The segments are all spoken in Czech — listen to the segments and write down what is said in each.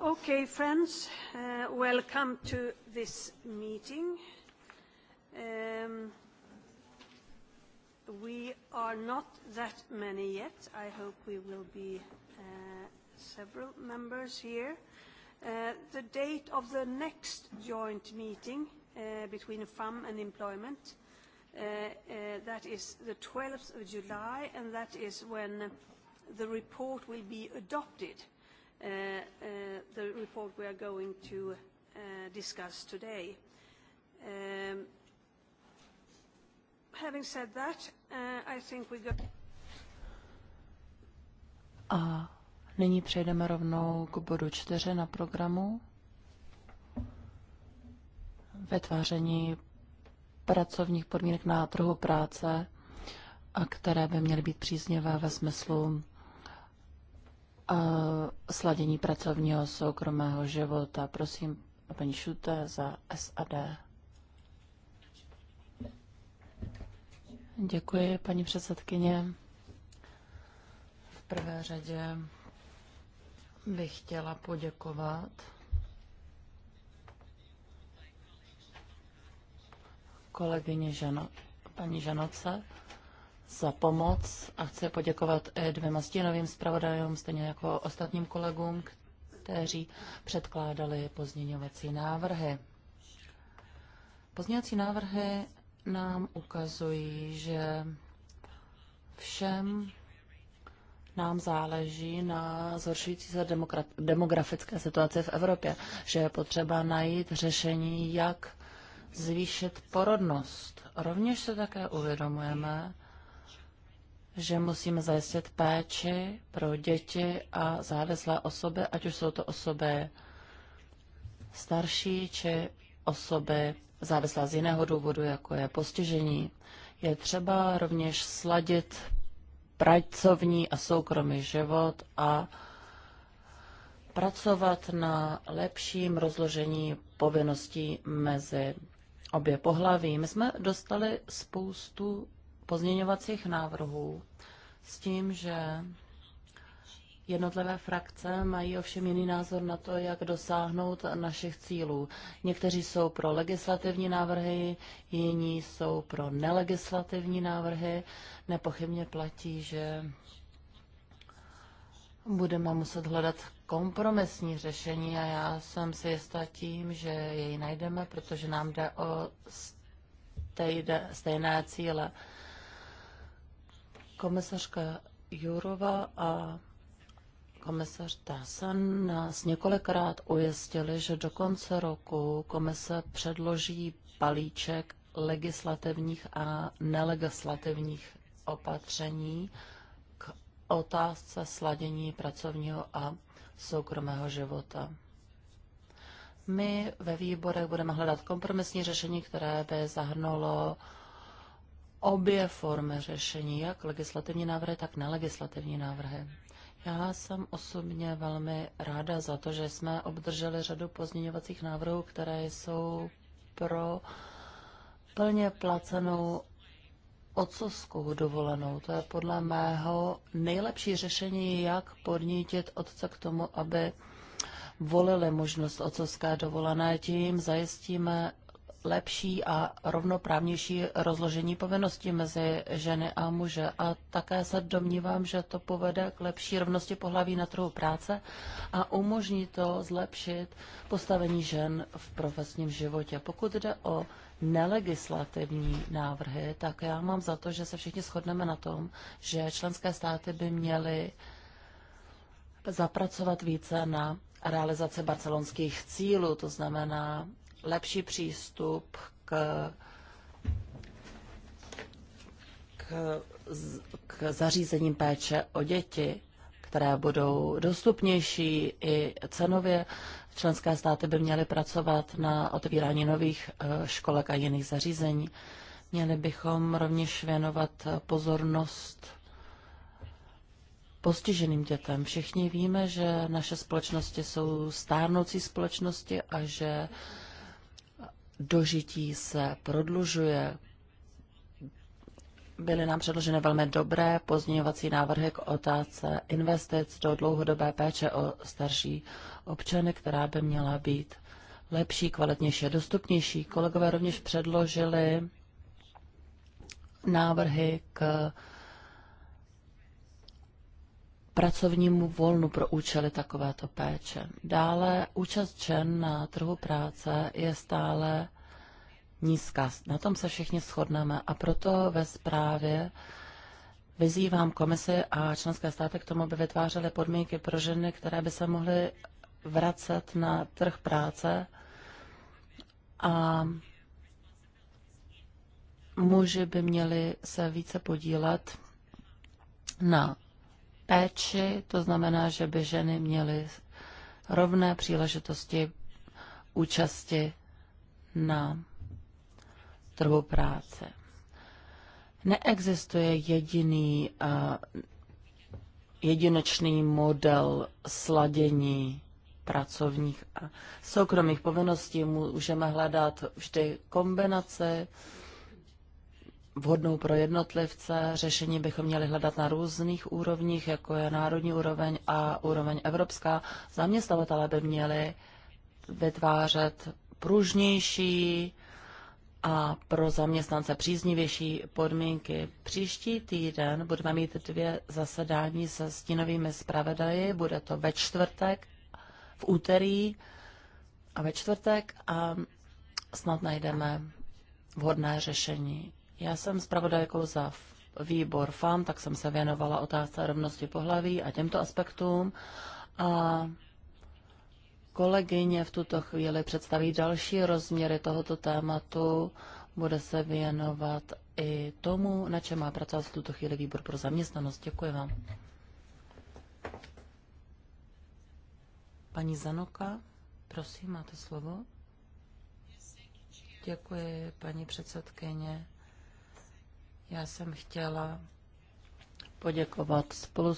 Okay, friends, uh, welcome to this meeting. Um, we are not that many yet. I hope we will be uh, several members here. Uh, the date of the next joint meeting uh, between FAM and employment, uh, uh, that is the 12th of July, and that is when the report will be adopted, uh, uh, the report we are going to uh, discuss today. Um, having said that, uh, I think we go... A nyní přejdeme rovnou k bodu čtyři na programu. Vytváření pracovních podmínek na trhu práce a které by měly být příznivé ve smyslu sladění pracovního soukromého života. Prosím, paní Šuté za SAD. Děkuji, paní předsedkyně. V prvé řadě bych chtěla poděkovat kolegyně Žano, paní Žanoce za pomoc a chci poděkovat dvěma stínovým zpravodajům, stejně jako ostatním kolegům, kteří předkládali pozměňovací návrhy. Pozměňovací návrhy nám ukazují, že všem nám záleží na zhoršující se demografické situaci v Evropě, že je potřeba najít řešení, jak zvýšit porodnost. Rovněž se také uvědomujeme, že musíme zajistit péči pro děti a závislé osoby, ať už jsou to osoby starší či osoby závislá z jiného důvodu, jako je postižení. Je třeba rovněž sladit pracovní a soukromý život a pracovat na lepším rozložení povinností mezi obě pohlaví. My jsme dostali spoustu pozměňovacích návrhů s tím, že Jednotlivé frakce mají ovšem jiný názor na to, jak dosáhnout našich cílů. Někteří jsou pro legislativní návrhy, jiní jsou pro nelegislativní návrhy. Nepochybně platí, že budeme muset hledat kompromisní řešení a já jsem si jistá tím, že jej najdeme, protože nám jde o stejné cíle. Komisařka Jurova a komisař Tasan nás několikrát ujistili, že do konce roku komise předloží balíček legislativních a nelegislativních opatření k otázce sladění pracovního a soukromého života. My ve výborech budeme hledat kompromisní řešení, které by zahrnulo obě formy řešení, jak legislativní návrhy, tak nelegislativní návrhy. Já jsem osobně velmi ráda za to, že jsme obdrželi řadu pozměňovacích návrhů, které jsou pro plně placenou otcovskou dovolenou. To je podle mého nejlepší řešení, jak podnítit otce k tomu, aby volili možnost otcovské dovolené. Tím zajistíme lepší a rovnoprávnější rozložení povinností mezi ženy a muže. A také se domnívám, že to povede k lepší rovnosti pohlaví na trhu práce a umožní to zlepšit postavení žen v profesním životě. Pokud jde o nelegislativní návrhy, tak já mám za to, že se všichni shodneme na tom, že členské státy by měly zapracovat více na realizaci barcelonských cílů, to znamená lepší přístup k, k, k zařízením péče o děti, které budou dostupnější i cenově. Členské státy by měly pracovat na otvírání nových eh, školek a jiných zařízení. Měli bychom rovněž věnovat pozornost postiženým dětem. Všichni víme, že naše společnosti jsou stárnoucí společnosti a že uh, dožití se prodlužuje. Byly nám předloženy velmi dobré pozměňovací návrhy k otázce investic do dlouhodobé péče o starší občany, která by měla být lepší, kvalitnější a dostupnější. Kolegové rovněž předložili návrhy k pracovnímu volnu pro účely takovéto péče. Dále účast žen na trhu práce je stále nízká. Na tom se všichni shodneme a proto ve zprávě vyzývám komisi a členské státy k tomu, aby vytvářely podmínky pro ženy, které by se mohly vracet na trh práce a muži by měli se více podílet na péči, to znamená, že by ženy měly rovné příležitosti účasti na trhu práce. Neexistuje jediný jedinečný model sladění pracovních a soukromých povinností. Můžeme hledat vždy kombinace vhodnou pro jednotlivce. Řešení bychom měli hledat na různých úrovních, jako je národní úroveň a úroveň evropská. Zaměstnavatele by měli vytvářet pružnější a pro zaměstnance příznivější podmínky. Příští týden budeme mít dvě zasedání se stínovými zpravodaji. Bude to ve čtvrtek, v úterý a ve čtvrtek a snad najdeme vhodné řešení. Já jsem zpravodajkou jako za výbor FAM, tak jsem se věnovala otázce rovnosti pohlaví a těmto aspektům. A kolegyně v tuto chvíli představí další rozměry tohoto tématu. Bude se věnovat i tomu, na čem má pracovat v tuto chvíli výbor pro zaměstnanost. Děkuji vám. Paní Zanoka, prosím, máte slovo. Děkuji, paní předsedkyně. Já jsem chtěla poděkovat spolu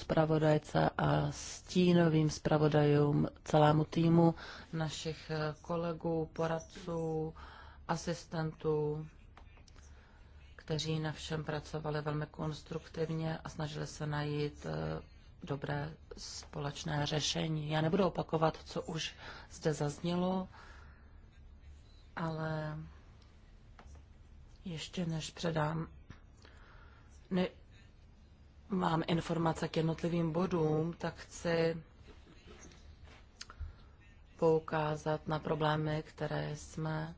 a stínovým zpravodajům celému týmu našich kolegů, poradců, asistentů, kteří na všem pracovali velmi konstruktivně a snažili se najít eh, dobré společné řešení. Já nebudu opakovat, co už zde zaznělo, ale ještě než předám ne, mám informace k jednotlivým bodům, tak chci poukázat na problémy, které jsme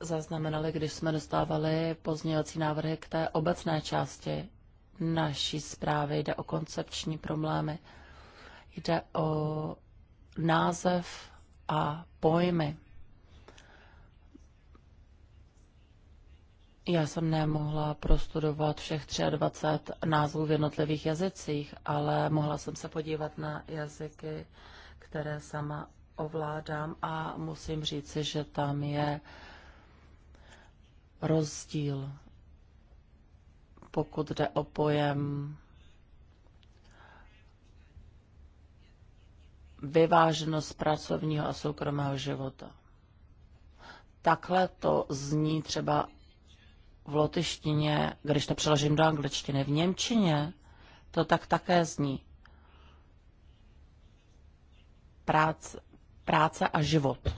zaznamenali, když jsme dostávali pozdějovací návrhy k té obecné části naší zprávy. Jde o koncepční problémy, jde o název a pojmy. Já jsem nemohla prostudovat všech 23 názvů v jednotlivých jazycích, ale mohla jsem se podívat na jazyky, které sama ovládám a musím říci, že tam je rozdíl, pokud jde o pojem vyváženost pracovního a soukromého života. Takhle to zní třeba v lotyštině, když to přeložím do angličtiny, v němčině to tak také zní. Práce, práce a život.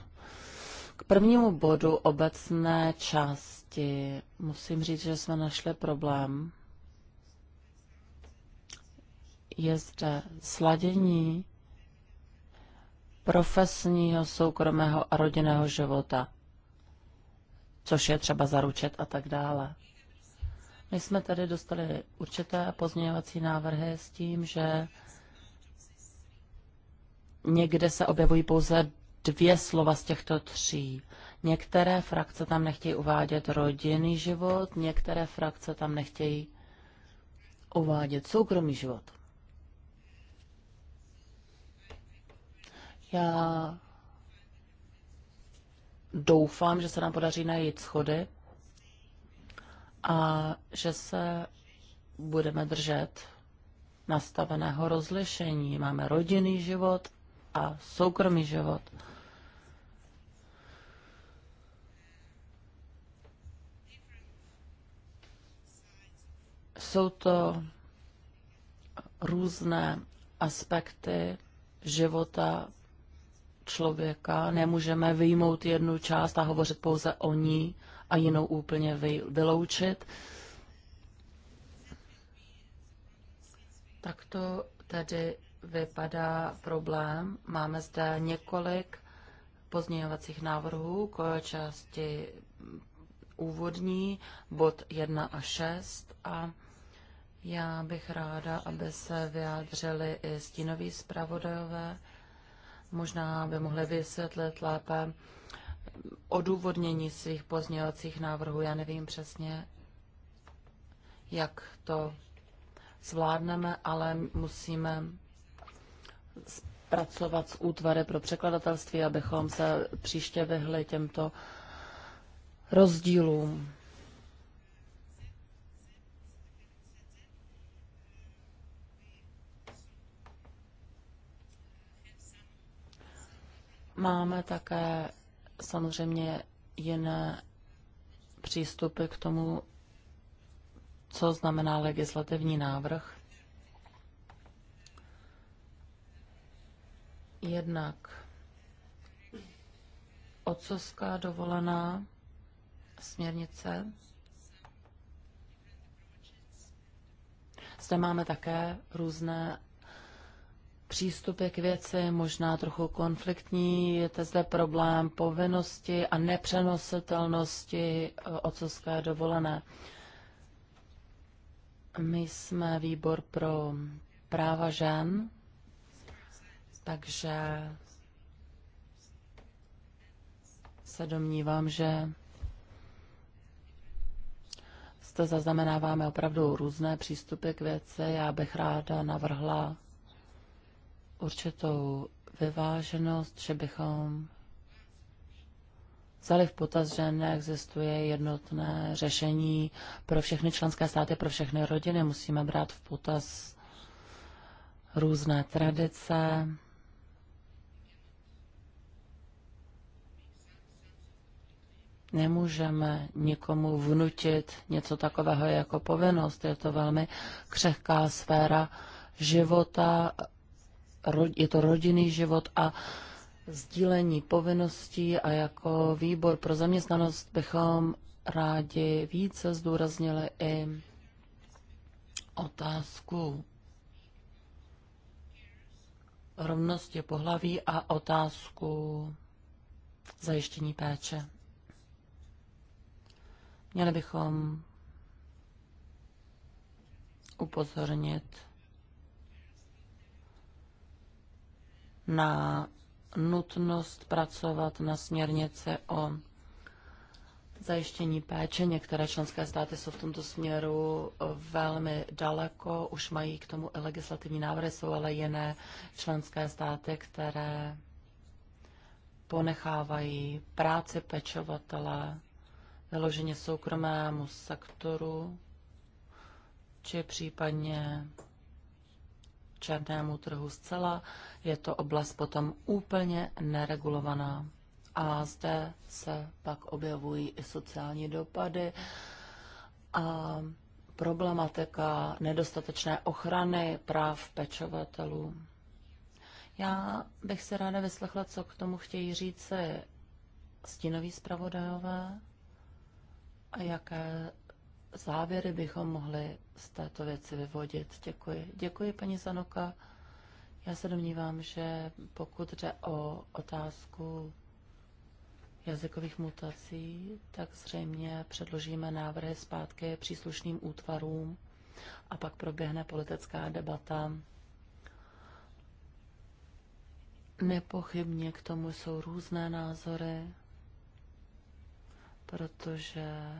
K prvnímu bodu obecné části musím říct, že jsme našli problém. Je zde sladění profesního, soukromého a rodinného života což je třeba zaručet a tak dále. My jsme tady dostali určité pozměňovací návrhy s tím, že někde se objevují pouze dvě slova z těchto tří. Některé frakce tam nechtějí uvádět rodinný život, některé frakce tam nechtějí uvádět soukromý život. Já doufám, že se nám podaří najít schody a že se budeme držet nastaveného rozlišení. Máme rodinný život a soukromý život. Jsou to různé aspekty života člověka, nemůžeme vyjmout jednu část a hovořit pouze o ní a jinou úplně vyloučit. Tak to tedy vypadá problém. Máme zde několik pozměňovacích návrhů koje části úvodní, bod 1 a 6 a já bych ráda, aby se vyjádřili i stínoví zpravodajové. Možná by mohli vysvětlit lépe odůvodnění svých pozměňovacích návrhů. Já nevím přesně, jak to zvládneme, ale musíme pracovat s útvary pro překladatelství, abychom se příště vyhli těmto rozdílům. Máme také samozřejmě jiné přístupy k tomu, co znamená legislativní návrh. Jednak otcovská dovolená směrnice. Zde máme také různé přístupy k věci možná trochu konfliktní. Je to zde problém povinnosti a nepřenositelnosti eh, otcovské dovolené. My jsme výbor pro práva žen, takže se domnívám, že zde zaznamenáváme opravdu různé přístupy k věci. Já bych ráda navrhla určitou vyváženost, že bychom vzali v potaz, že neexistuje jednotné řešení pro všechny členské státy, pro všechny rodiny. Musíme brát v potaz různé tradice, nemůžeme nikomu vnutit něco takového jako povinnost. Je to velmi křehká sféra života je to rodinný život a sdílení povinností a jako výbor pro zaměstnanost bychom rádi více zdůraznili i otázku rovnosti pohlaví a otázku zajištění péče. Měli bychom upozornit na nutnost pracovat na směrnice o zajištění péče. Některé členské státy jsou v tomto směru velmi daleko, už mají k tomu i legislativní návrhy, jsou ale jiné členské státy, které ponechávají práci pečovatele vyloženě soukromému sektoru, či případně černému trhu zcela. Je to oblast potom úplně neregulovaná. A zde se pak objevují i sociální dopady a problematika nedostatečné ochrany práv pečovatelů. Já bych si ráda vyslechla, co k tomu chtějí říct stínoví zpravodajové a jaké závěry bychom mohli z této věci vyvodit. Děkuji. Děkuji, paní Zanoka. Já se domnívám, že pokud jde o otázku jazykových mutací, tak zřejmě předložíme návrhy zpátky příslušným útvarům a pak proběhne politická debata. Nepochybně k tomu jsou různé názory, protože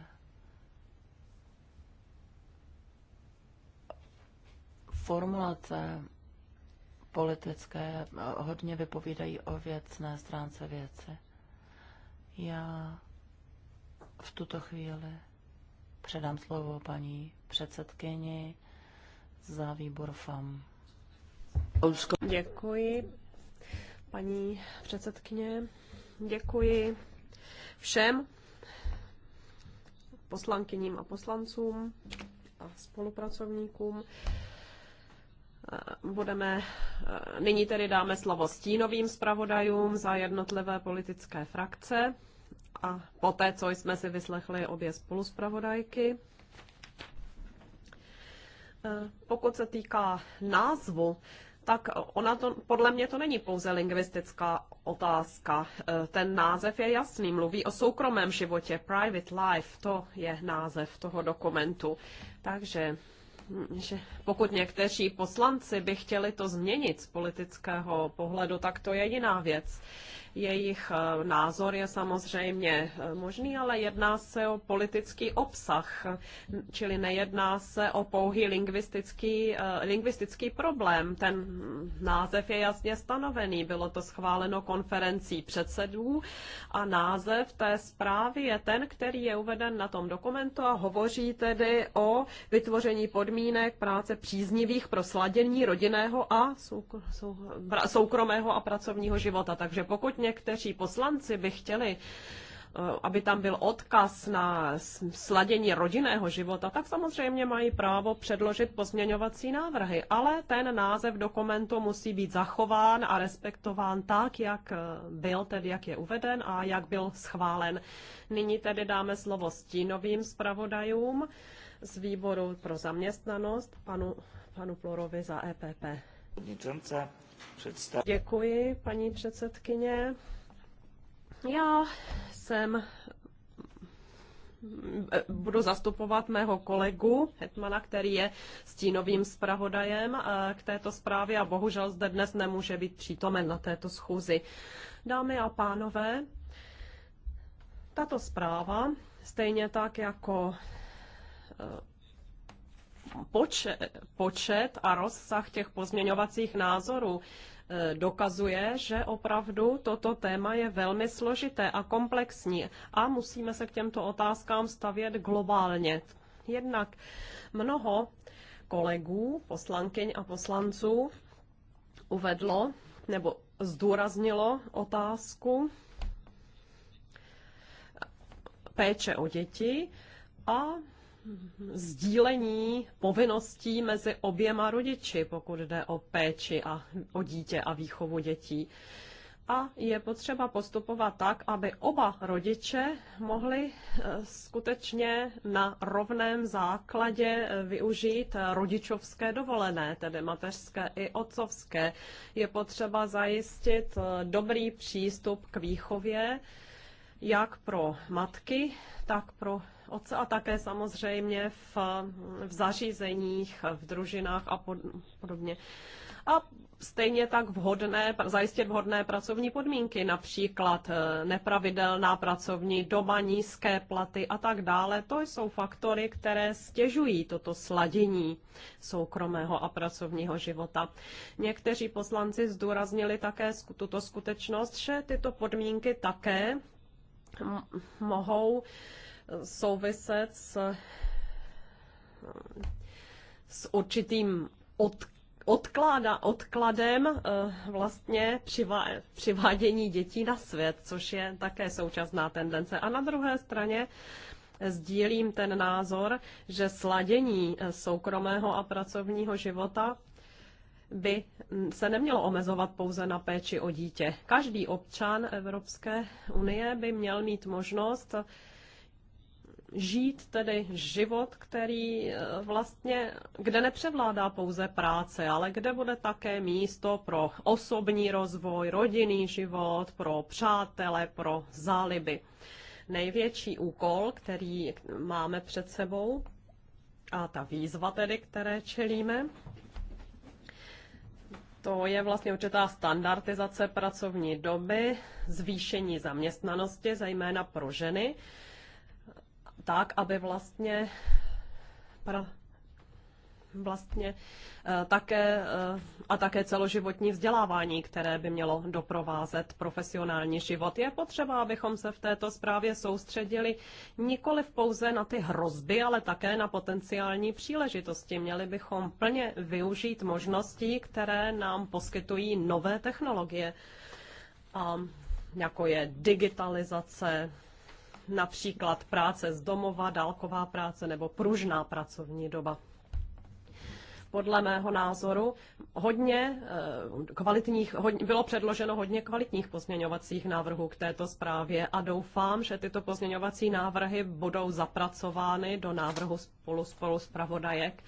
formulace politické hodně vypovídají o věcné stránce věci. Já v tuto chvíli předám slovo paní předsedkyni za výbor FAM. Děkuji, paní předsedkyně. Děkuji všem poslankyním a poslancům a spolupracovníkům budeme, nyní tedy dáme slovo stínovým zpravodajům za jednotlivé politické frakce a poté, co jsme si vyslechli obě spoluspravodajky. Eh, pokud se týká názvu, tak ona to, podle mě to není pouze lingvistická otázka. Eh, ten název je jasný, mluví o soukromém životě, private life, to je název toho dokumentu. Takže že pokud někteří poslanci by chtěli to změnit z politického pohledu, tak to je jiná věc. Jejich eh, názor je samozřejmě eh, možný, ale jedná se o politický obsah, čili nejedná se o pouhý lingvistický, eh, lingvistický problém. Ten název je jasně stanovený, bylo to schváleno konferencí předsedů a název té zprávy je ten, který je uveden na tom dokumentu a hovoří tedy o vytvoření podmínek práce příznivých pro sladění rodinného a soukromého a pracovního života. Takže pokud někteří poslanci by chtěli eh, aby tam byl odkaz na sladění rodinného života, tak samozřejmě mají právo předložit pozměňovací návrhy, ale ten název dokumentu musí být zachován a respektován tak, jak eh, byl, tedy jak je uveden a jak byl schválen. Nyní tedy dáme slovo stínovým zpravodajům z výboru pro zaměstnanost, panu, panu Plorovi za EPP. Děkuji, paní předsedkyně. Já jsem budu zastupovat mého kolegu Hetmana, který je stínovým zpravodajem eh, k této zprávě a bohužel zde dnes nemůže být přítomen na této schůzi. Dámy a pánové, tato zpráva, stejně tak jako eh, počet, počet a rozsah těch pozměňovacích názorů e, dokazuje, že opravdu toto téma je velmi složité a komplexní a musíme se k těmto otázkám stavět globálně. Jednak mnoho kolegů, poslankyň a poslanců uvedlo nebo zdůraznilo otázku péče o děti a sdílení povinností mezi oběma rodiči, pokud jde o péči a o dítě a výchovu dětí. A je potřeba postupovat tak, aby oba rodiče mohli eh, skutečně na rovném základě eh, využít rodičovské dovolené, tedy mateřské i otcovské. Je potřeba zajistit eh, dobrý přístup k výchově, jak pro matky, tak pro otce a také samozřejmě v, v zařízeních, v družinách a pod, podobně. A stejně tak vhodné, zajistit vhodné pracovní podmínky, například eh, nepravidelná pracovní doba, nízké platy a tak dále. To jsou faktory, které stěžují toto sladění soukromého a pracovního života. Někteří poslanci zdůraznili také tuto skutečnost, že tyto podmínky také mohou souviset s, eh, s určitým od, odklada, odkladem eh, vlastně přivá, přivádění dětí na svět, což je také současná tendence. A na druhé straně eh, sdílím ten názor, že sladění soukromého a pracovního života by se nemělo omezovat pouze na péči o dítě. Každý občan Evropské unie by měl mít možnost žít tedy život, který eh, vlastně, kde nepřevládá pouze práce, ale kde bude také místo pro osobní rozvoj, rodinný život, pro přátele, pro záliby. Největší úkol, který máme před sebou, a ta výzva tedy, které čelíme, to je vlastně určitá standardizace pracovní doby, zvýšení zaměstnanosti, zejména pro ženy, tak, aby vlastně pra vlastně eh, také, eh, a také celoživotní vzdělávání, které by mělo doprovázet profesionální život. Je potřeba, abychom se v této zprávě soustředili nikoli pouze na ty hrozby, ale také na potenciální příležitosti. Měli bychom plně využít možností, které nám poskytují nové technologie, a jako je digitalizace, například práce z domova, dálková práce nebo pružná pracovní doba podle mého názoru hodně eh, kvalitních, hodně, bylo předloženo hodně kvalitních pozměňovacích návrhů k této zprávě a doufám, že tyto pozměňovací návrhy budou zapracovány do návrhu spolu spolu zpravodajek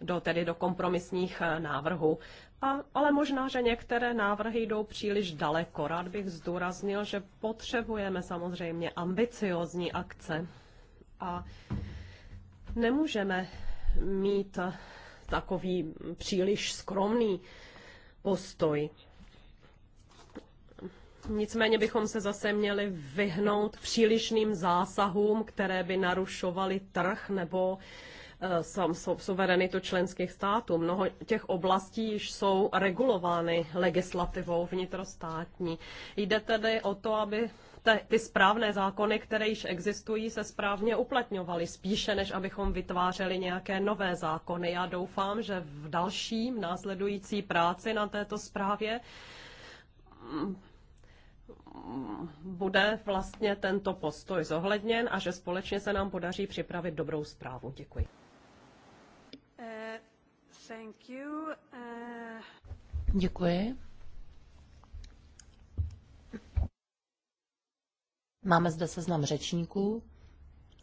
do, tedy do kompromisních eh, návrhů. A, ale možná, že některé návrhy jdou příliš daleko. Rád bych zdůraznil, že potřebujeme samozřejmě ambiciozní akce. A nemůžeme mít takový příliš skromný postoj. Nicméně bychom se zase měli vyhnout přílišným zásahům, které by narušovaly trh nebo eh, suverenitu členských států. Mnoho těch oblastí již jsou regulovány legislativou vnitrostátní. Jde tedy o to, aby te, ty správné zákony, které již existují, se správně uplatňovaly, spíše než abychom vytvářeli nějaké nové zákony. Já doufám, že v dalším následující práci na této zprávě mm, bude vlastně tento postoj zohledněn a že společně se nám podaří připravit dobrou zprávu. Děkuji. Uh, thank you. Uh... Děkuji. Máme zde seznam řečníků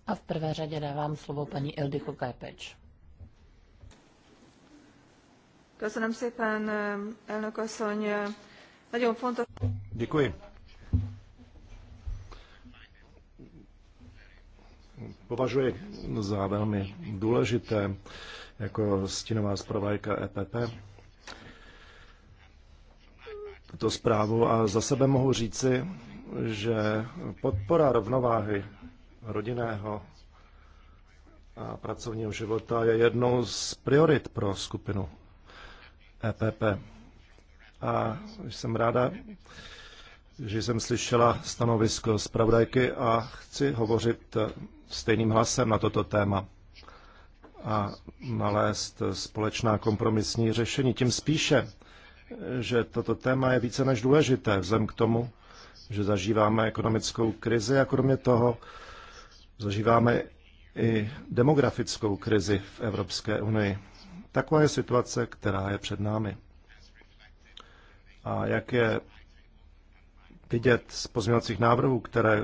a v prvé řadě dávám slovo paní Ildiko Kajpeč. Děkuji. Považuji za velmi důležité jako stinová zpravodajka EPP tuto zprávu a za sebe mohu říci, že podpora rovnováhy rodinného a pracovního života je jednou z priorit pro skupinu EPP. A jsem ráda, že jsem slyšela stanovisko zpravodajky a chci hovořit stejným hlasem na toto téma a nalézt společná kompromisní řešení. Tím spíše, že toto téma je více než důležité, vzhledem k tomu, že zažíváme ekonomickou krizi a kromě toho zažíváme i demografickou krizi v Evropské unii. Taková je situace, která je před námi. A jak je vidět z pozměňovacích návrhů, které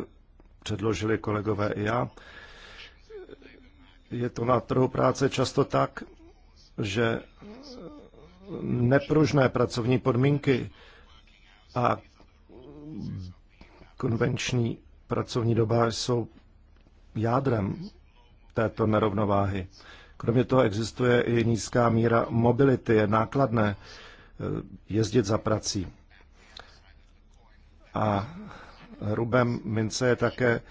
předložili kolegové i já, je to na trhu práce často tak, že nepružné pracovní podmínky a konvenční pracovní doba jsou jádrem této nerovnováhy. Kromě toho existuje i nízká míra mobility, je nákladné eh, jezdit za prací. A rubem mince je také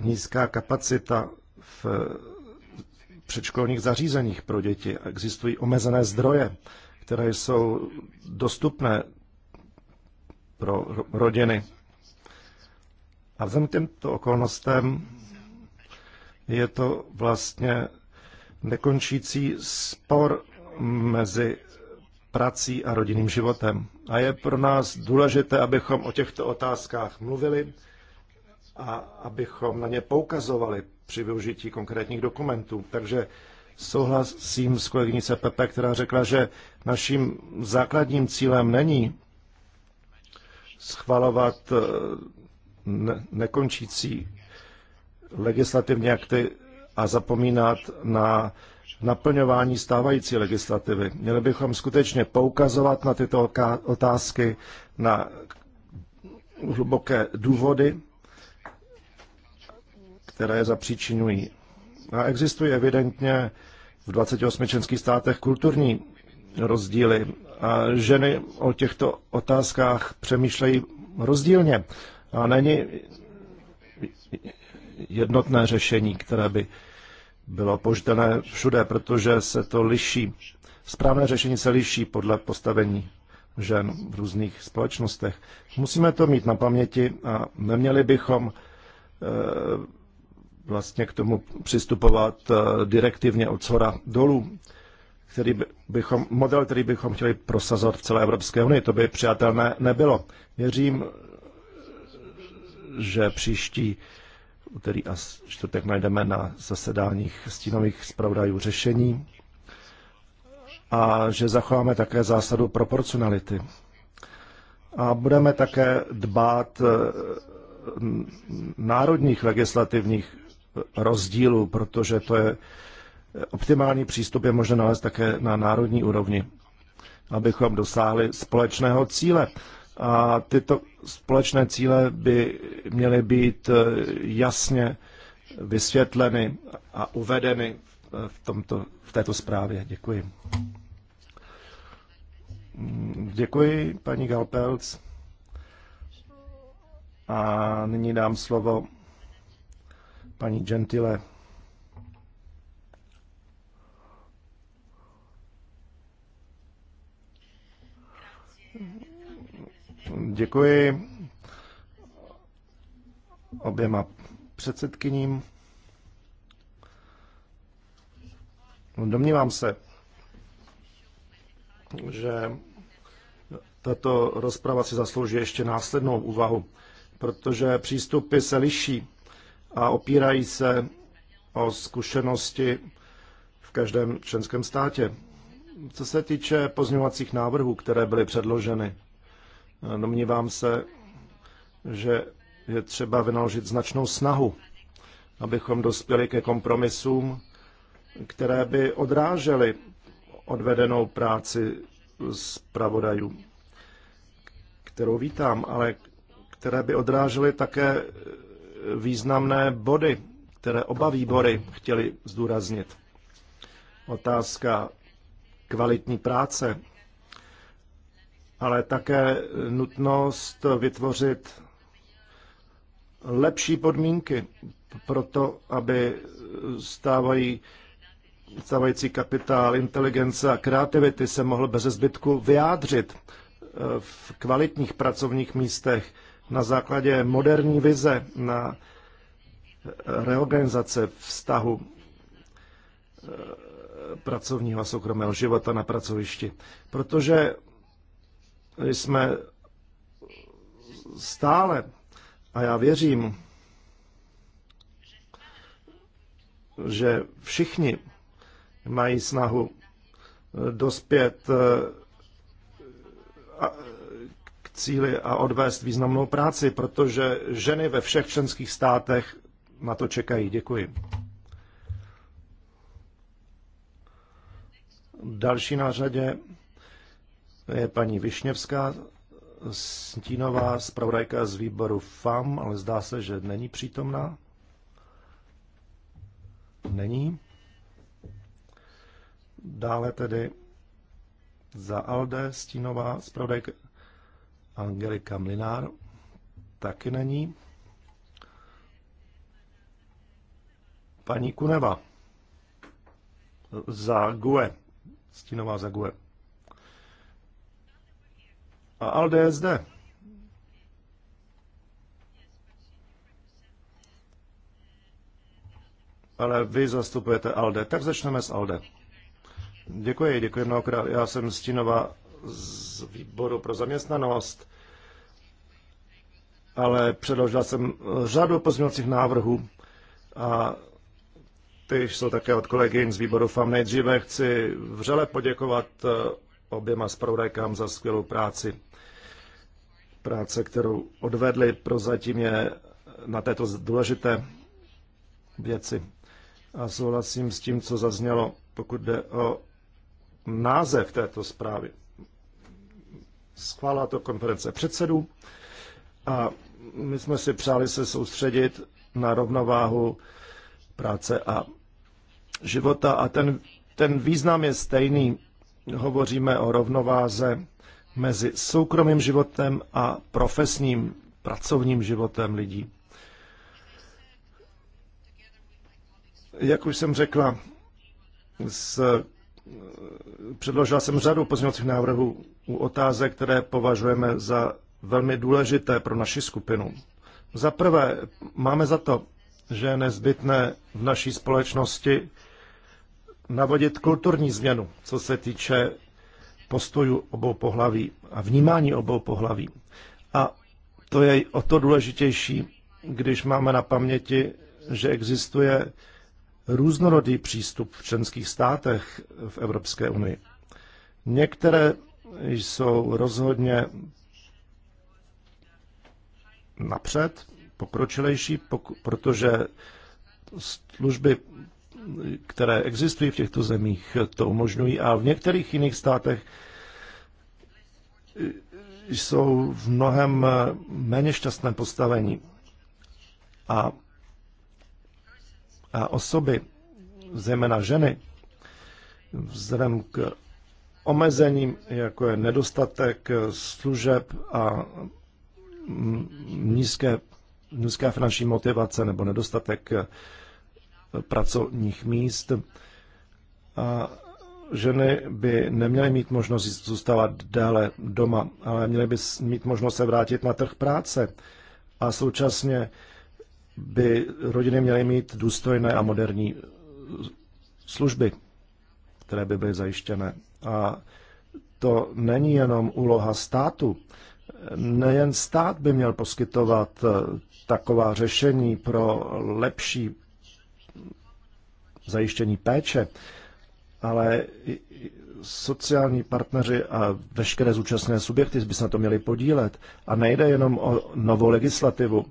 nízká kapacita v předškolních zařízeních pro děti. Existují omezené zdroje, které jsou dostupné pro rodiny a vzhledem k těmto okolnostem je to vlastně nekončící spor mezi prací a rodinným životem. A je pro nás důležité, abychom o těchto otázkách mluvili a abychom na ně poukazovali při využití konkrétních dokumentů. Takže souhlasím s kolegyní CPP, která řekla, že naším základním cílem není schvalovat eh, ne- nekončící legislativní akty a zapomínat na naplňování stávající legislativy. Měli bychom skutečně poukazovat na tyto otázky, na hluboké důvody, které je zapříčinují. A existují evidentně v 28 členských státech kulturní rozdíly a ženy o těchto otázkách přemýšlejí rozdílně. A není jednotné řešení, které by bylo požitelné všude, protože se to liší. Správné řešení se liší podle postavení žen v různých společnostech. Musíme to mít na paměti a neměli bychom eh, vlastně k tomu přistupovat eh, direktivně od shora dolů. Který bychom, model, který bychom chtěli prosazovat v celé Evropské unii, to by přijatelné nebylo. Věřím, že příští úterý a čtvrtek najdeme na zasedáních stínových zpravodajů řešení a že zachováme také zásadu proporcionality. A budeme také dbát eh, národních legislativních rozdílů, protože to je eh, optimální přístup je možné nalézt také na národní úrovni, abychom dosáhli společného cíle. A tyto společné cíle by měly být eh, jasně vysvětleny a uvedeny v, tomto, v této zprávě. Děkuji. Mm, děkuji, paní Galpelc. A nyní dám slovo paní Gentile. Děkuji oběma předsedkyním. Domnívám se, že tato rozprava si zaslouží ještě následnou úvahu, protože přístupy se liší a opírají se o zkušenosti v každém členském státě. Co se týče pozměňovacích návrhů, které byly předloženy, Domnívám se, že je třeba vynaložit značnou snahu, abychom dospěli ke kompromisům, které by odrážely odvedenou práci zpravodajů, kterou vítám, ale které by odrážely také významné body, které oba výbory chtěli zdůraznit. Otázka kvalitní práce ale také nutnost vytvořit lepší podmínky pro to, aby stávají, stávající kapitál, inteligence a kreativity se mohl bez zbytku vyjádřit eh, v kvalitních pracovních místech na základě moderní vize na reorganizace vztahu eh, pracovního a soukromého života na pracovišti. Protože jsme stále, a já věřím, že všichni mají snahu eh, dospět eh, k cíli a odvést významnou práci, protože ženy ve všech členských státech na to čekají. Děkuji. Další na řadě je paní Višněvská, stínová zpravodajka z výboru FAM, ale zdá se, že není přítomná. Není. Dále tedy za ALDE stínová zpravodajka Angelika Mlinár taky není. Paní Kuneva za GUE, stínová za GUE. A Alde je zde. Ale vy zastupujete Alde, tak začneme s Alde. Děkuji, děkuji mnohokrát. Já jsem Stinova z výboru pro zaměstnanost, ale předložila jsem řadu pozměňovacích návrhů a ty jsou také od kolegy z výboru FAM. Nejdříve chci vřele poděkovat oběma zpravodajkám za skvělou práci. Práce, kterou odvedli, prozatím je na této důležité věci. A souhlasím s tím, co zaznělo, pokud jde o název této zprávy. Schválila to konference předsedů a my jsme si přáli se soustředit na rovnováhu práce a života a ten, ten význam je stejný hovoříme o rovnováze mezi soukromým životem a profesním, pracovním životem lidí. Jak už jsem řekla, s, předložila jsem řadu pozměňovacích návrhů u otázek, které považujeme za velmi důležité pro naši skupinu. Za prvé, máme za to, že je nezbytné v naší společnosti navodit kulturní změnu, co se týče postoju obou pohlaví a vnímání obou pohlaví. A to je o to důležitější, když máme na paměti, že existuje různorodý přístup v členských státech v Evropské unii. Některé jsou rozhodně napřed, pokročilejší, pok- protože služby které existují v těchto zemích, to umožňují a v některých jiných státech jsou v mnohem méně šťastné postavení. A, a osoby, zejména ženy, vzhledem k omezením, jako je nedostatek služeb a nízké, nízká finanční motivace nebo nedostatek pracovních míst. A ženy by neměly mít možnost zůstávat déle doma, ale měly by mít možnost se vrátit na trh práce. A současně by rodiny měly mít důstojné a moderní služby, které by byly zajištěné. A to není jenom úloha státu. Nejen stát by měl poskytovat taková řešení pro lepší zajištění péče, ale sociální partneři a veškeré zúčastněné subjekty by se na to měli podílet. A nejde jenom o novou legislativu,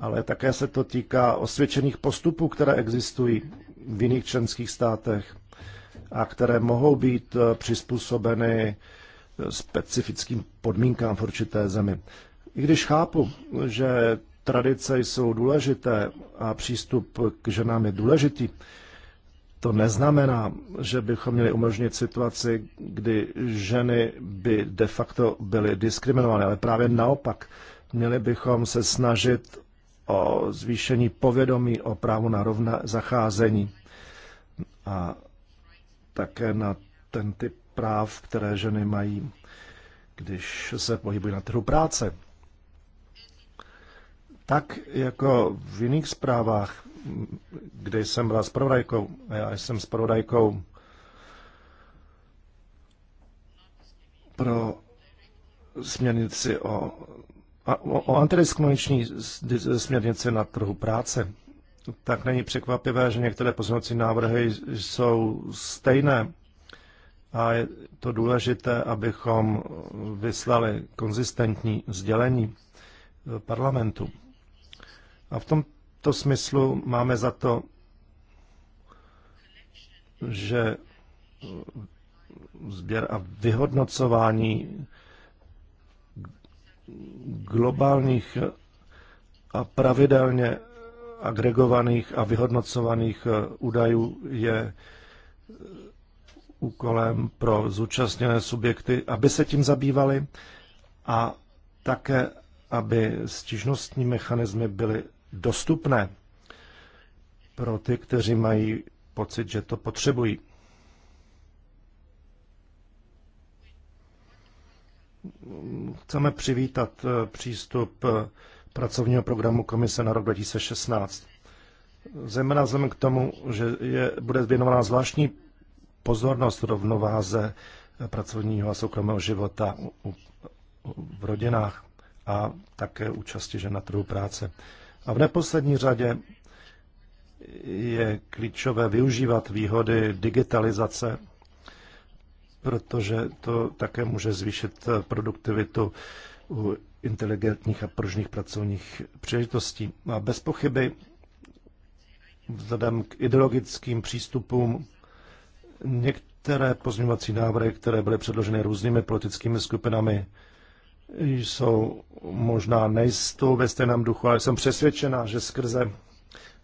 ale také se to týká osvědčených postupů, které existují v jiných členských státech a které mohou být eh, přizpůsobeny eh, specifickým podmínkám v určité zemi. I když chápu, že tradice jsou důležité a přístup k ženám je důležitý, to neznamená, že bychom měli umožnit situaci, kdy ženy by de facto byly diskriminovány, ale právě naopak. Měli bychom se snažit o zvýšení povědomí o právu na rovné zacházení a také na ten typ práv, které ženy mají, když se pohybují na trhu práce. Tak jako v jiných zprávách kdy jsem byla s A já jsem s prodajkou pro směrnici o, o, o antidiskriminační směrnici na trhu práce. Tak není překvapivé, že některé pozměňovací návrhy jsou stejné. A je to důležité, abychom vyslali konzistentní sdělení eh, parlamentu. A v tom tomto smyslu máme za to, že sběr a vyhodnocování globálních a pravidelně agregovaných a vyhodnocovaných údajů je úkolem pro zúčastněné subjekty, aby se tím zabývali a také, aby stížnostní mechanismy byly dostupné pro ty, kteří mají pocit, že to potřebují. Chceme přivítat eh, přístup eh, pracovního programu Komise na rok 2016. Zejména vzhledem k tomu, že je, bude věnována zvláštní pozornost rovnováze eh, pracovního a soukromého života u, u, v rodinách a také účasti žen na trhu práce. A v neposlední řadě je klíčové využívat výhody digitalizace, protože to také může zvýšit produktivitu u inteligentních a pružných pracovních příležitostí. A bez pochyby, vzhledem k ideologickým přístupům, některé pozměňovací návrhy, které byly předloženy různými politickými skupinami, jsou možná nejistou ve stejném duchu, ale jsem přesvědčená, že skrze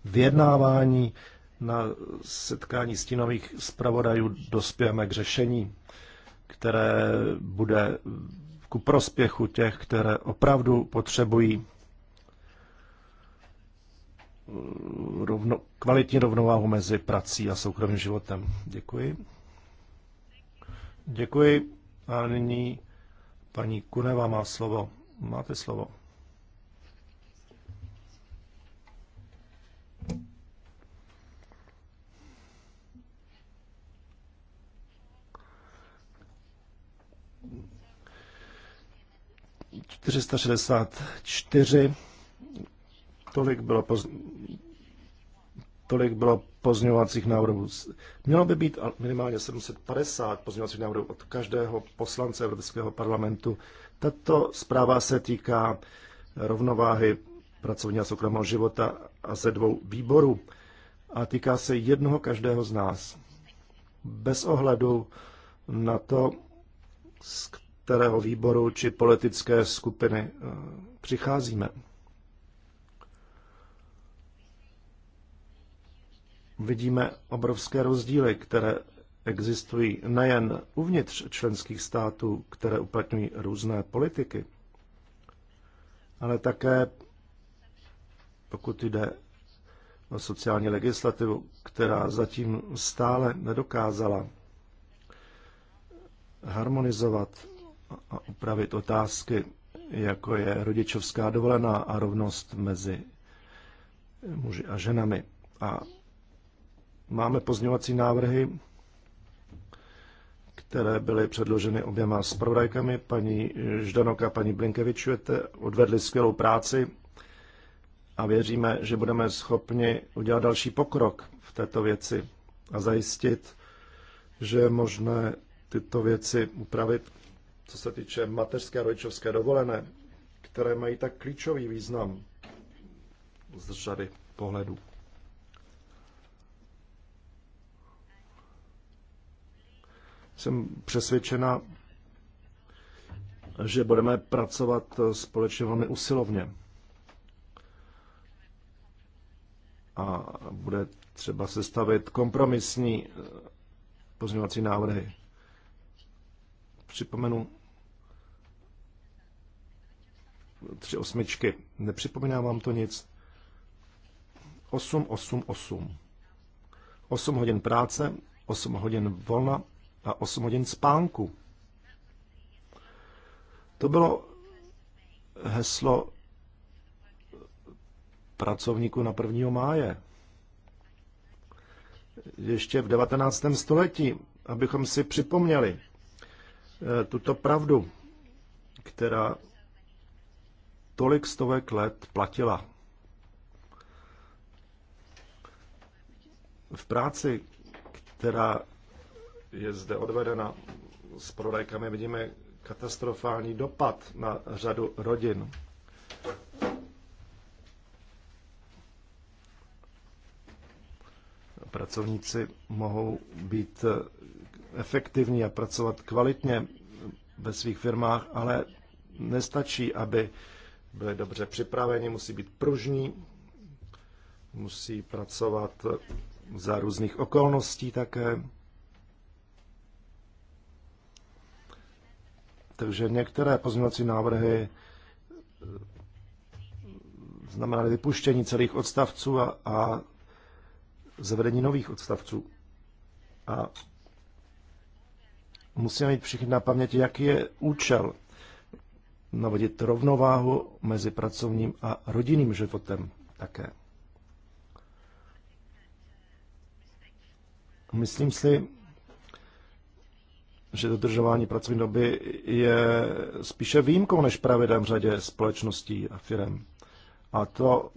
vyjednávání na setkání stínových zpravodajů dospějeme k řešení, které bude ku prospěchu těch, které opravdu potřebují rovno, kvalitní rovnováhu mezi prací a soukromým životem. Děkuji. Děkuji. A nyní Paní Kuneva má slovo. Máte slovo. 464. Tolik bylo poz tolik bylo pozměňovacích návrhů. Mělo by být minimálně 750 pozměňovacích návrhů od každého poslance Evropského parlamentu. Tato zpráva se týká rovnováhy pracovního a soukromého života a ze dvou výborů a týká se jednoho každého z nás. Bez ohledu na to, z kterého výboru či politické skupiny eh, přicházíme. vidíme obrovské rozdíly, které existují nejen uvnitř členských států, které uplatňují různé politiky, ale také pokud jde o sociální legislativu, která zatím stále nedokázala harmonizovat a upravit otázky, jako je rodičovská dovolená a rovnost mezi muži a ženami. A Máme pozměňovací návrhy, které byly předloženy oběma zpravodajkami, paní Ždanoka a paní Blinkevičujete, odvedli skvělou práci a věříme, že budeme schopni udělat další pokrok v této věci a zajistit, že je možné tyto věci upravit, co se týče mateřské a rodičovské dovolené, které mají tak klíčový význam z řady pohledů. Jsem přesvědčena, že budeme pracovat společně velmi usilovně. A bude třeba sestavit kompromisní eh, pozměňovací návrhy. Připomenu tři osmičky. Nepřipomíná vám to nic. 8, 8, 8. 8 hodin práce, 8 hodin volna, a 8 hodin spánku. To bylo heslo pracovníku na 1. máje. Ještě v 19. století, abychom si připomněli eh, tuto pravdu, která tolik stovek let platila. V práci, která je zde odvedena s prodajkami, vidíme katastrofální dopad na řadu rodin. Pracovníci mohou být efektivní a pracovat kvalitně ve svých firmách, ale nestačí, aby byli dobře připraveni, musí být pružní, musí pracovat za různých okolností také. Takže některé pozměňovací návrhy znamenaly vypuštění celých odstavců a, a zavedení nových odstavců. A musíme mít všichni na paměti, jaký je účel navodit rovnováhu mezi pracovním a rodinným životem také. Myslím si, že dodržování pracovní doby je spíše výjimkou než pravidem v řadě společností a firm. A to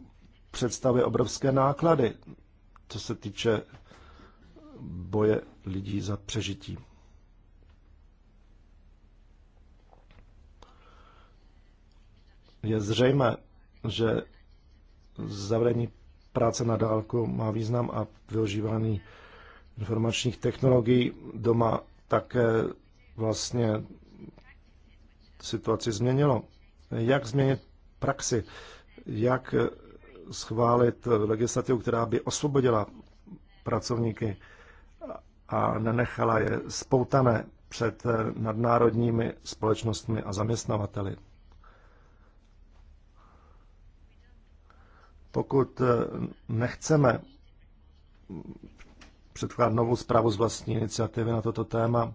představuje obrovské náklady, co se týče boje lidí za přežití. Je zřejmé, že zavedení práce na dálku má význam a využívání informačních technologií doma také vlastně situaci změnilo. Jak změnit praxi? Jak schválit legislativu, která by osvobodila pracovníky a nenechala je spoutané před nadnárodními společnostmi a zaměstnavateli. Pokud nechceme předkládat novou zprávu z vlastní iniciativy na toto téma.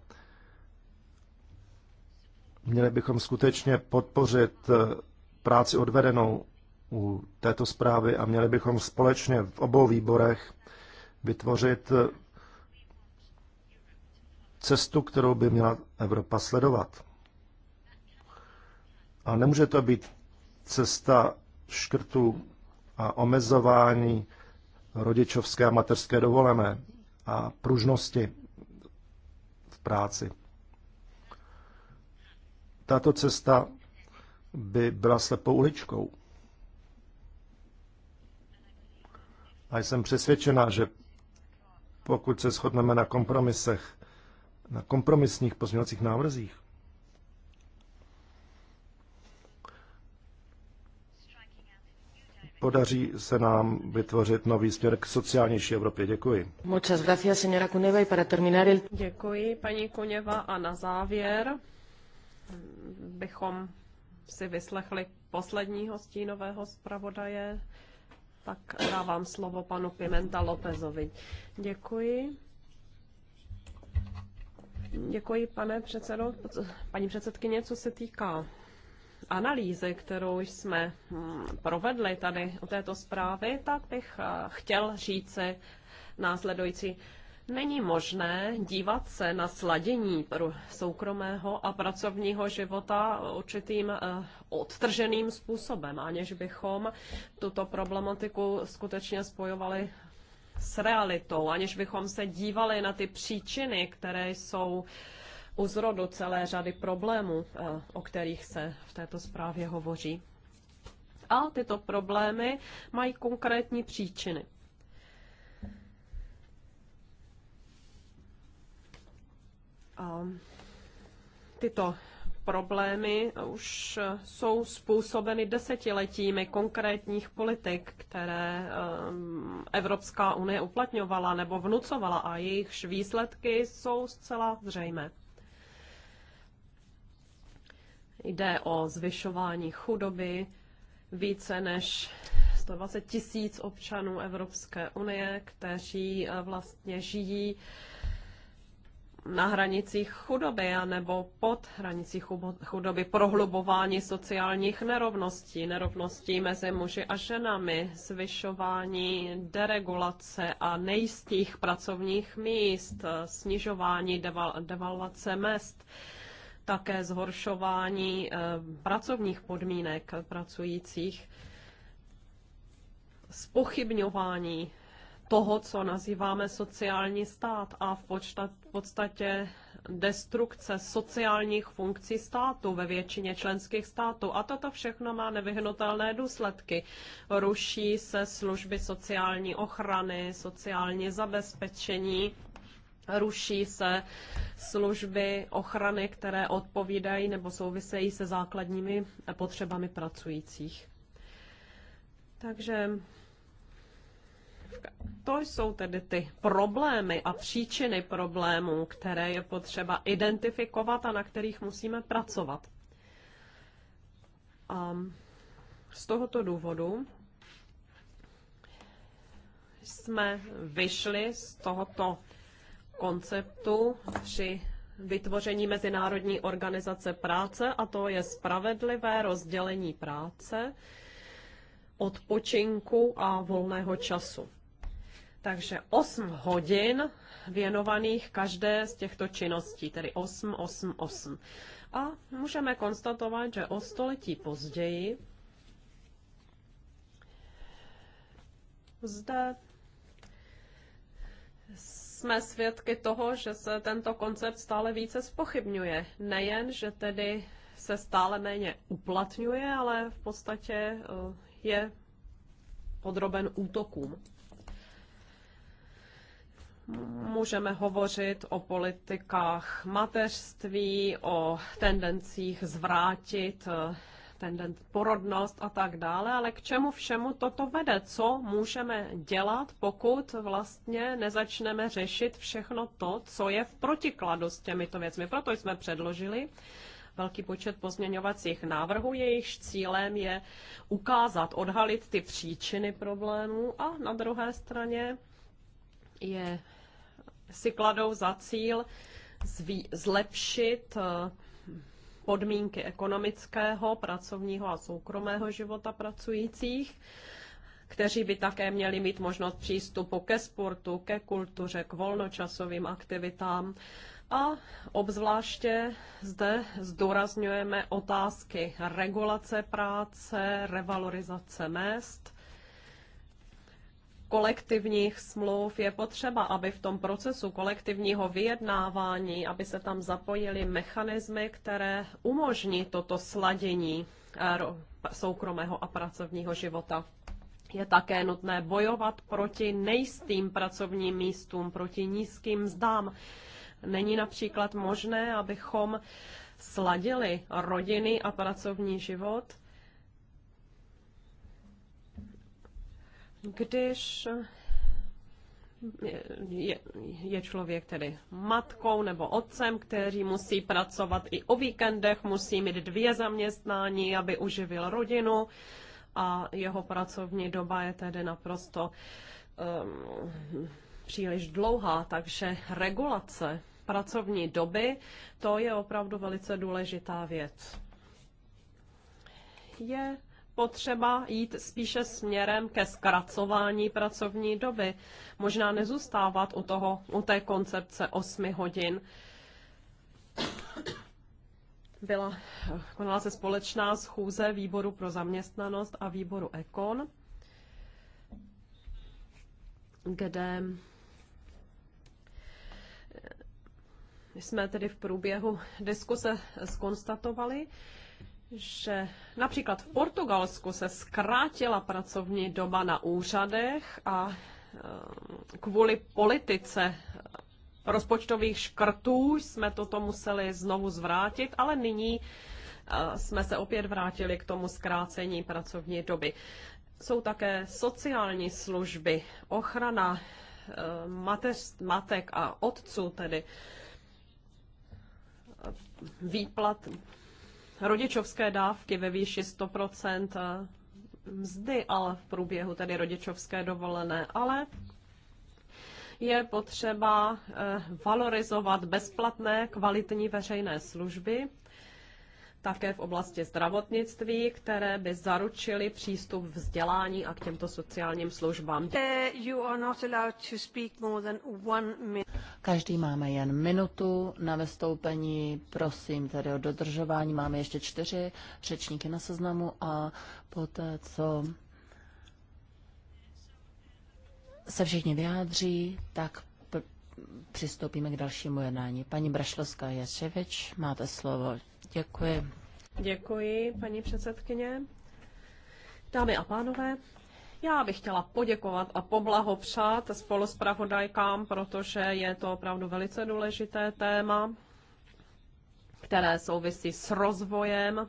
Měli bychom skutečně podpořit eh, práci odvedenou u této zprávy a měli bychom společně v obou výborech vytvořit eh, cestu, kterou by měla Evropa sledovat. A nemůže to být cesta škrtů a omezování rodičovské a mateřské dovolené a pružnosti v práci. Tato cesta by byla slepou uličkou. A jsem přesvědčena, že pokud se shodneme na kompromisech, na kompromisních pozměňovacích návrzích, podaří se nám vytvořit nový směr k sociálnější Evropě. Děkuji. Muchas gracias, señora Kuneva, y para terminar el... Děkuji, paní Kuneva, a na závěr bychom si vyslechli posledního stínového zpravodaje, tak dávám slovo panu Pimenta Lopezovi. Děkuji. Děkuji, pane předsedo. Paní předsedkyně, co se týká analýzy, kterou jsme hm, provedli tady u této zprávy, tak bych eh, chtěl říci následující. Není možné dívat se na sladění soukromého a pracovního života určitým eh, odtrženým způsobem, aniž bychom tuto problematiku skutečně spojovali s realitou, aniž bychom se dívali na ty příčiny, které jsou uh, u zrodu celé řady problémů, eh, o kterých se v této zprávě hovoří. A tyto problémy mají konkrétní příčiny. A tyto problémy už jsou způsobeny desetiletími konkrétních politik, které eh, Evropská unie uplatňovala nebo vnucovala a jejichž výsledky jsou zcela zřejmé. Jde o zvyšování chudoby více než 120 tisíc občanů Evropské unie, kteří eh, vlastně žijí na hranicích chudoby nebo pod hranicí chudoby, prohlubování sociálních nerovností, nerovností mezi muži a ženami, zvyšování deregulace a nejistých pracovních míst, eh, snižování deval, devalvace mest také zhoršování eh, pracovních podmínek pracujících, spochybňování toho, co nazýváme sociální stát a v, v podstatě destrukce sociálních funkcí státu ve většině členských států. A toto všechno má nevyhnutelné důsledky. Ruší se služby sociální ochrany, sociální zabezpečení ruší se služby ochrany, které odpovídají nebo souvisejí se základními potřebami pracujících. Takže to jsou tedy ty problémy a příčiny problémů, které je potřeba identifikovat a na kterých musíme pracovat. A z tohoto důvodu jsme vyšli z tohoto konceptu při vytvoření Mezinárodní organizace práce, a to je spravedlivé rozdělení práce, odpočinku a volného času. Takže 8 hodin věnovaných každé z těchto činností, tedy 8, 8, 8. A můžeme konstatovat, že o století později zde jsme svědky toho, že se tento koncept stále více spochybňuje. Nejen, že tedy se stále méně uplatňuje, ale v podstatě eh, je podroben útokům. Můžeme hovořit o politikách mateřství, o tendencích zvrátit eh, den porodnost a tak dále, ale k čemu všemu toto vede? Co můžeme dělat, pokud vlastně nezačneme řešit všechno to, co je v protikladu s těmito věcmi? Proto jsme předložili velký počet pozměňovacích návrhů. Jejich cílem je ukázat, odhalit ty příčiny problémů a na druhé straně je si kladou za cíl zví, zlepšit eh, podmínky ekonomického, pracovního a soukromého života pracujících kteří by také měli mít možnost přístupu ke sportu, ke kultuře, k volnočasovým aktivitám. A obzvláště zde zdůrazňujeme otázky regulace práce, revalorizace mest kolektivních smluv je potřeba, aby v tom procesu kolektivního vyjednávání, aby se tam zapojily mechanismy, které umožní toto sladění eh, soukromého a pracovního života. Je také nutné bojovat proti nejistým pracovním místům, proti nízkým mzdám. Není například možné, abychom sladili rodiny a pracovní život Když je, je člověk tedy matkou nebo otcem, kteří musí pracovat i o víkendech, musí mít dvě zaměstnání, aby uživil rodinu a jeho pracovní doba je tedy naprosto um, příliš dlouhá, takže regulace pracovní doby, to je opravdu velice důležitá věc. Je potřeba jít spíše směrem ke zkracování pracovní doby. Možná nezůstávat u, toho, u té koncepce 8 hodin. Byla, konala se společná schůze výboru pro zaměstnanost a výboru Ekon, kde jsme tedy v průběhu diskuse skonstatovali, že například v Portugalsku se zkrátila pracovní doba na úřadech a eh, kvůli politice eh, rozpočtových škrtů jsme toto museli znovu zvrátit, ale nyní eh, jsme se opět vrátili k tomu zkrácení pracovní doby. Jsou také sociální služby, ochrana mateř, matek a otců, tedy výplat, rodičovské dávky ve výši 100% eh, mzdy, ale v průběhu tedy rodičovské dovolené, ale je potřeba eh, valorizovat bezplatné kvalitní veřejné služby, také v oblasti zdravotnictví, které by zaručily přístup vzdělání a k těmto sociálním službám. Eh, Každý máme jen minutu na vystoupení. Prosím tedy o dodržování. Máme ještě čtyři řečníky na seznamu a poté, co se všichni vyjádří, tak přistoupíme k dalšímu jednání. Paní Brašlovská Jaševič, máte slovo. Děkuji. Děkuji, paní předsedkyně. Dámy a pánové, já bych chtěla poděkovat a poblahopřát spoluspravodajkám, protože je to opravdu velice důležité téma, které souvisí s rozvojem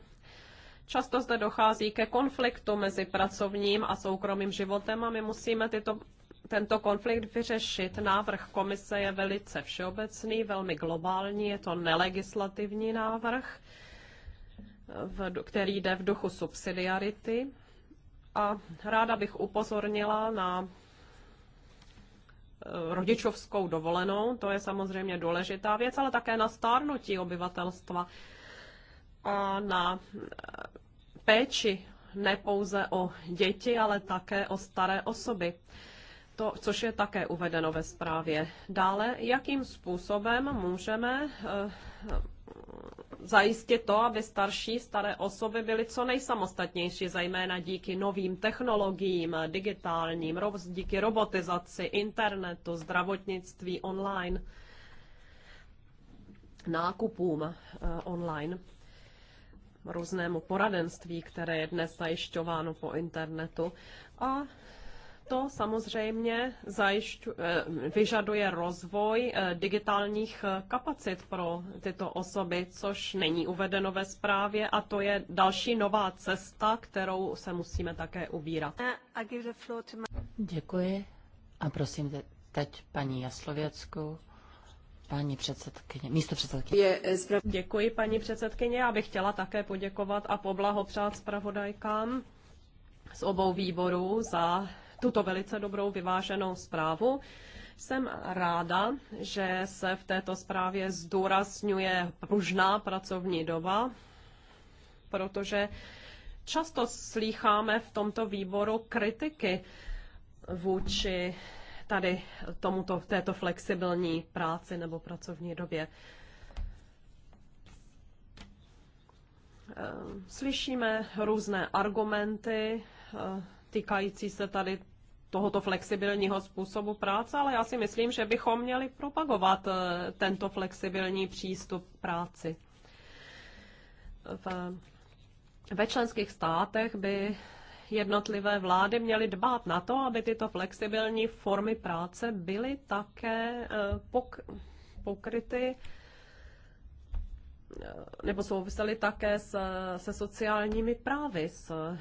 Často zde dochází ke konfliktu mezi pracovním a soukromým životem a my musíme tyto, tento konflikt vyřešit. Návrh komise je velice všeobecný, velmi globální, je to nelegislativní návrh, v, který jde v duchu subsidiarity a ráda bych upozornila na e, rodičovskou dovolenou, to je samozřejmě důležitá věc, ale také na stárnutí obyvatelstva a na e, péči ne pouze o děti, ale také o staré osoby. To, což je také uvedeno ve zprávě. Dále, jakým způsobem můžeme e, zajistit to, aby starší, staré osoby byly co nejsamostatnější, zejména díky novým technologiím, digitálním, díky robotizaci, internetu, zdravotnictví online, nákupům eh, online, různému poradenství, které je dnes zajišťováno po internetu. A to samozřejmě zajišťu, eh, vyžaduje rozvoj eh, digitálních eh, kapacit pro tyto osoby, což není uvedeno ve zprávě a to je další nová cesta, kterou se musíme také ubírat. Děkuji a prosím teď paní Jaslověckou. Paní předsedkyně, místo předsedkyně. Děkuji, paní předsedkyně. Já bych chtěla také poděkovat a poblahopřát zpravodajkám z obou výborů za tuto velice dobrou vyváženou zprávu. Jsem ráda, že se v této zprávě zdůrazňuje pružná pracovní doba, protože často slýcháme v tomto výboru kritiky vůči tady tomuto, této flexibilní práci nebo pracovní době. Ehm, slyšíme různé argumenty, ehm, týkající se tady tohoto flexibilního způsobu práce, ale já si myslím, že bychom měli propagovat eh, tento flexibilní přístup práci. Ve členských státech by jednotlivé vlády měly dbát na to, aby tyto flexibilní formy práce byly také eh, pok- pokryty eh, nebo souvisely také se, se sociálními právy, s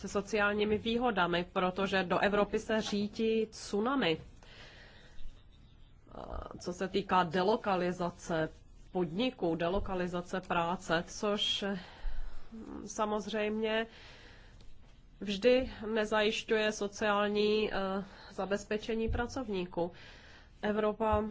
se sociálními výhodami, protože do Evropy se řídí tsunami. Co se týká delokalizace podniků, delokalizace práce, což hm, samozřejmě vždy nezajišťuje sociální eh, zabezpečení pracovníků. Evropa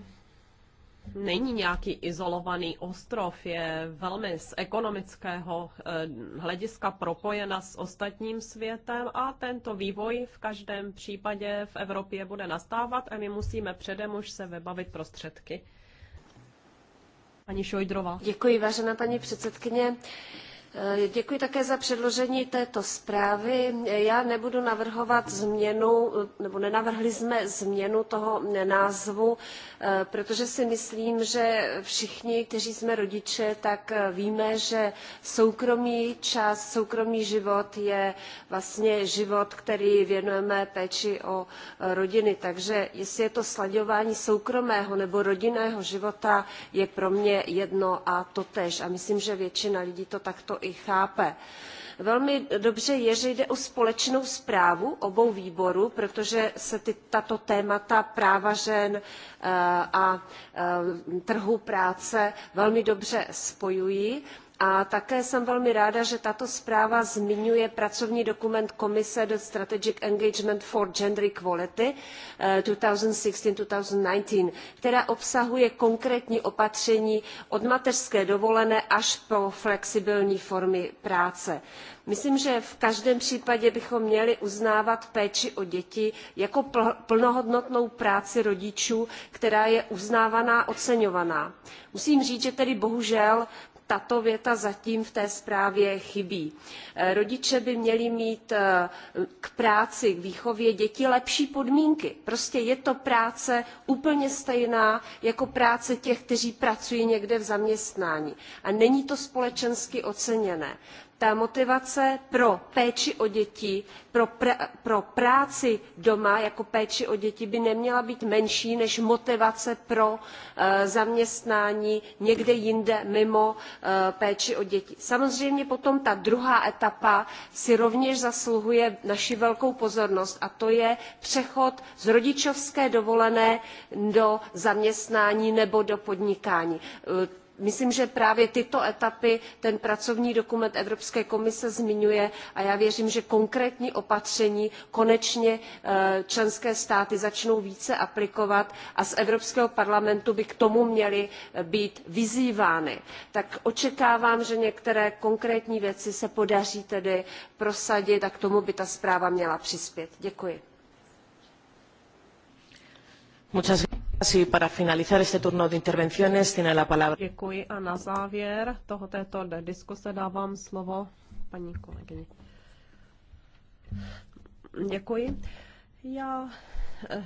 není nějaký izolovaný ostrov, je velmi z ekonomického eh, hlediska propojena s ostatním světem a tento vývoj v každém případě v Evropě bude nastávat a my musíme předem už se vybavit prostředky. Pani Šojdrova. Děkuji, vážená paní předsedkyně. Eh, děkuji také za předložení této zprávy. Já nebudu navrhovat změnu, eh, nebo nenavrhli jsme změnu toho názvu, eh, protože si myslím, že všichni, kteří jsme rodiče, tak víme, že soukromý čas, soukromý život je vlastně život, který věnujeme péči o rodiny. Takže jestli je to slaďování soukromého nebo rodinného života, je pro mě jedno a totéž. A myslím, že většina lidí to takto i chápe. Velmi dobře je, že jde o společnou zprávu obou výborů, protože se ty, tato témata práva žen eh, a eh, trhu práce velmi dobře spojují a také jsem velmi ráda, že tato zpráva zmiňuje pracovní dokument Komise do Strategic Engagement for Gender Equality 2016-2019, eh, která obsahuje konkrétní opatření od mateřské dovolené až po flexibilní formy práce. Myslím, že v každém případě bychom měli uznávat péči o děti jako plnohodnotnou práci rodičů, která je uznávaná a oceňovaná. Musím říct, že tedy bohužel tato věta zatím v té zprávě chybí. Eh, rodiče by měli mít eh, k práci k výchově dětí lepší podmínky. prostě je to práce úplně stejná jako práce těch kteří pracují někde v zaměstnání a není to společensky oceněné ta motivace pro péči o děti, pro, pr pro práci doma jako péči o děti by neměla být menší než motivace pro eh, zaměstnání někde jinde mimo e, péči o děti. Samozřejmě potom ta druhá etapa si rovněž zasluhuje naši velkou pozornost a to je přechod z rodičovské dovolené do zaměstnání nebo do podnikání myslím že právě tyto etapy ten pracovní dokument evropské komise zmiňuje a já věřím že konkrétní opatření konečně eh, členské státy začnou více aplikovat a z evropského parlamentu by k tomu měly eh, být vyzývány. tak očekávám že některé konkrétní věci se podaří tedy prosadit a k tomu by ta zpráva měla přispět. děkuji. Děkuji a na závěr toho této diskuse dávám slovo paní kolegyni. Děkuji. Já,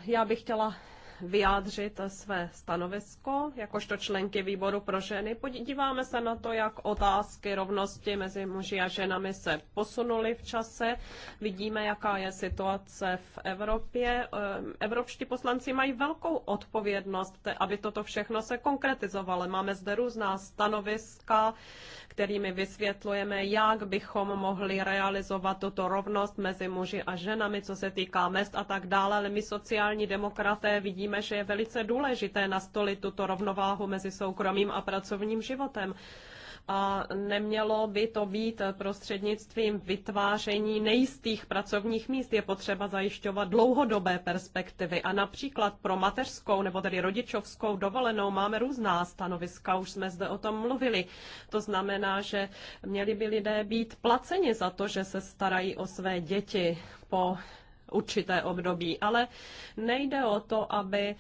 já bych chtěla vyjádřit své stanovisko, jakožto členky výboru pro ženy. Podíváme se na to, jak otázky rovnosti mezi muži a ženami se posunuly v čase. Vidíme, jaká je situace v Evropě. Ehm, evropští poslanci mají velkou odpovědnost, aby toto všechno se konkretizovalo. Máme zde různá stanoviska, kterými vysvětlujeme, jak bychom mohli realizovat tuto rovnost mezi muži a ženami, co se týká mest a tak dále, ale my sociální demokraté vidíme, vidíme, že je velice důležité nastolit tuto rovnováhu mezi soukromým a pracovním životem a nemělo by to být prostřednictvím vytváření nejistých pracovních míst. Je potřeba zajišťovat dlouhodobé perspektivy a například pro mateřskou nebo tedy rodičovskou dovolenou máme různá stanoviska, už jsme zde o tom mluvili. To znamená, že měli by lidé být placeni za to, že se starají o své děti po určité období, ale nejde o to, aby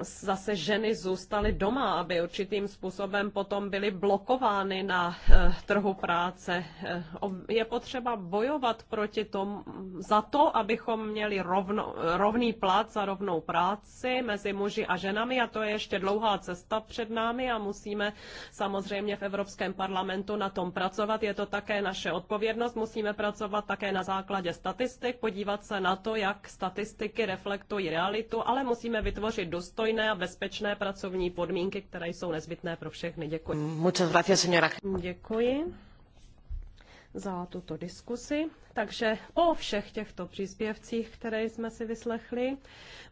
zase ženy zůstaly doma, aby určitým způsobem potom byly blokovány na eh, trhu práce. Eh, je potřeba bojovat proti tomu za to, abychom měli rovno, rovný plat za rovnou práci mezi muži a ženami a to je ještě dlouhá cesta před námi a musíme samozřejmě v Evropském parlamentu na tom pracovat. Je to také naše odpovědnost, musíme pracovat také na základě statistik, podívat se na to, jak statistiky reflektují realitu, ale musíme vytvořit dost důstojné a bezpečné pracovní podmínky, které jsou nezbytné pro všechny. Děkuji. Muchas gracias, señora. Děkuji za tuto diskusi. Takže po všech těchto příspěvcích, které jsme si vyslechli,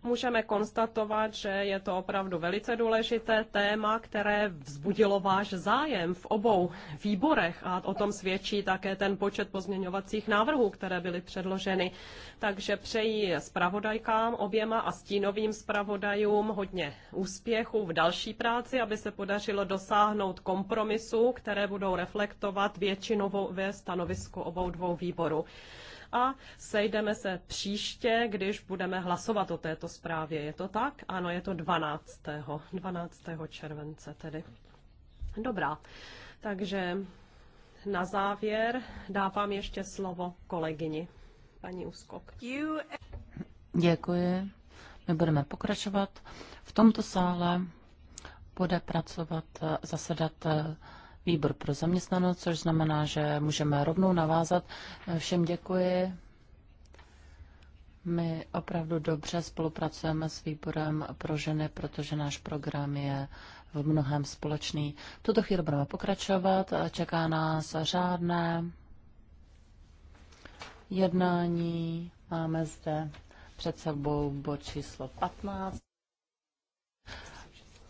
můžeme konstatovat, že je to opravdu velice důležité téma, které vzbudilo váš zájem v obou výborech a o tom svědčí také ten počet pozměňovacích návrhů, které byly předloženy. Takže přeji zpravodajkám oběma a stínovým zpravodajům hodně úspěchu v další práci, aby se podařilo dosáhnout kompromisu, které budou reflektovat většinové stanovisko obou dvou výborů. A sejdeme se příště, když budeme hlasovat o této zprávě. Je to tak? Ano, je to 12. 12. července tedy. Dobrá. Takže na závěr dávám ještě slovo kolegyni, paní Uskok. Děkuji. My budeme pokračovat. V tomto sále bude pracovat, eh, zasedat eh, výbor pro zaměstnanost, což znamená, že můžeme rovnou navázat. Všem děkuji. My opravdu dobře spolupracujeme s výborem pro ženy, protože náš program je v mnohem společný. V tuto chvíli budeme pokračovat. Čeká nás řádné jednání. Máme zde před sebou bod číslo 15.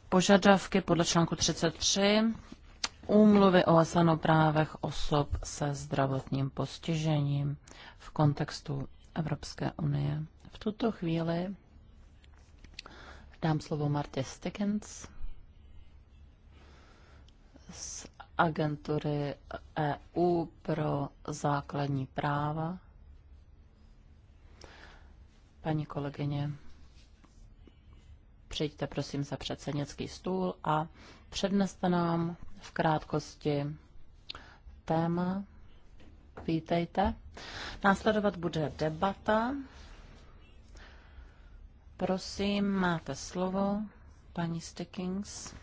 Požadavky podle článku 33 úmluvy o právech osob se zdravotním postižením v kontextu Evropské unie. V tuto chvíli dám slovo Martě Stickens z agentury EU pro základní práva. Paní kolegyně, přijďte prosím za předsednický stůl a předneste nám v krátkosti téma. Vítejte. Následovat bude debata. Prosím, máte slovo, paní Stickings.